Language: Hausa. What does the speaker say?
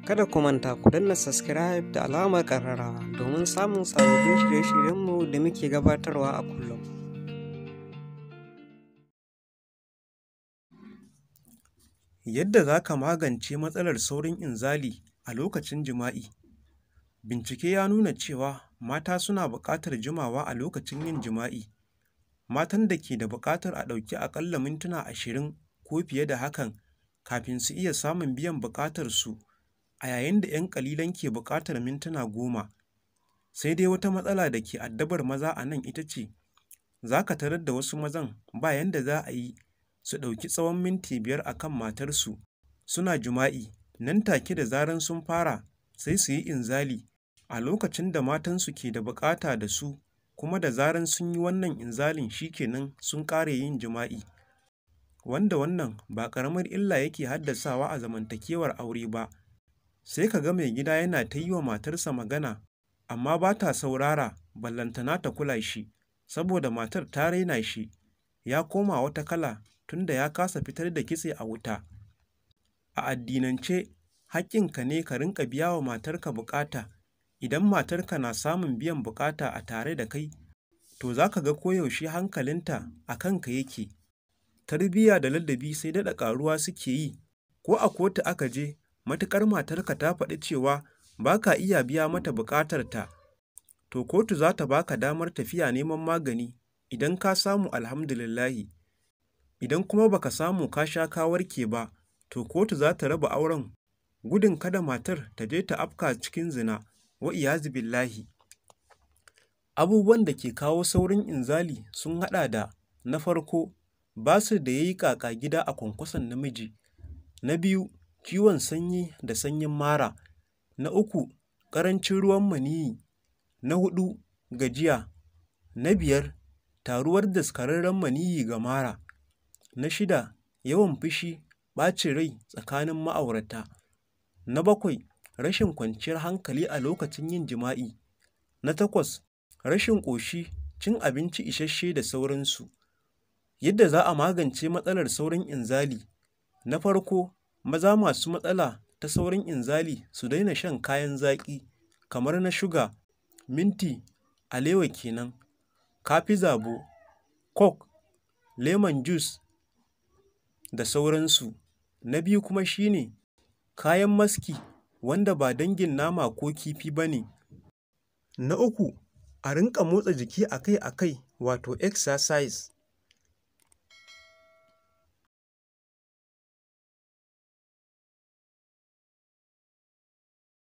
Kada ku manta ku danna subscribe da alamar ƙararrawa domin samun sababbin shirye-shiryenmu da muke gabatarwa a kullum. Yadda za ka magance matsalar saurin inzali a lokacin jima'i. Bincike ya nuna cewa mata suna buƙatar jimawa a lokacin yin jima'i. Matan da ke da buƙatar a ɗauki aƙalla mintuna ashirin ko fiye da hakan kafin su iya samun biyan buƙatarsu a yayin da 'yan ƙalilan ke buƙatar mintuna goma. Sai dai wata matsala da ke addabar maza a nan ita ce, za ka tarar da wasu mazan ba yadda za a yi su ɗauki tsawon minti biyar a kan matarsu suna jima'i nan take da zaran sun fara sai su yi inzali a lokacin da matansu ke da buƙata da su kuma da zaran sun yi wannan inzalin shi kenan sun ƙare yin jima'i. Wanda wannan ba ƙaramar illa yake haddasawa a zamantakewar aure ba. sai ka ga mai gida yana ta yi wa matarsa magana amma ba ta saurara ballantana ta kula shi saboda matar ta raina shi ya koma wata kala tunda ya kasa fitar da kitse a wuta a addinance haƙƙinka ne ka rinka biya wa matarka bukata idan matarka na samun biyan bukata a tare da kai to za ka ga koyaushe hankalinta a kanka yake tarbiyya da ladabi sai daɗa ƙaruwa suke yi ko a kotu aka je matuƙar matarka ta faɗi cewa ba ka iya biya mata buƙatar ta, to kotu za ta baka damar tafiya neman magani idan ka samu alhamdulillahi. Idan kuma baka samu ka sha kawar ke ba, to kotu za ta raba auren gudun kada matar ta je ta afka cikin zina wa billahi. Abubuwan da ke kawo saurin inzali sun haɗa da na farko basir da ya yi kaka gida a kwankwason namiji, na biyu kiwon sanyi da sanyin mara, na uku ƙarancin ruwan maniyyi, na hudu, gajiya, na biyar taruwar daskararren maniyyi ga mara, na shida yawan fushi, ɓacin rai tsakanin ma'aurata, na bakwai rashin kwanciyar hankali a lokacin yin jima'i, na takwas rashin ƙoshi, cin abinci isasshe da sauransu. Yadda za a magance matsalar saurin inzali. Na farko, Maza masu matsala ta saurin inzali su daina shan kayan zaƙi kamar na shuga, minti, alewa kenan, nan, kafi zabo, coke, lemon juice da sauransu. Na biyu kuma shine kayan maski wanda ba dangin nama ko kifi ba ne. Na uku, a rinƙa motsa jiki akai-akai wato exercise.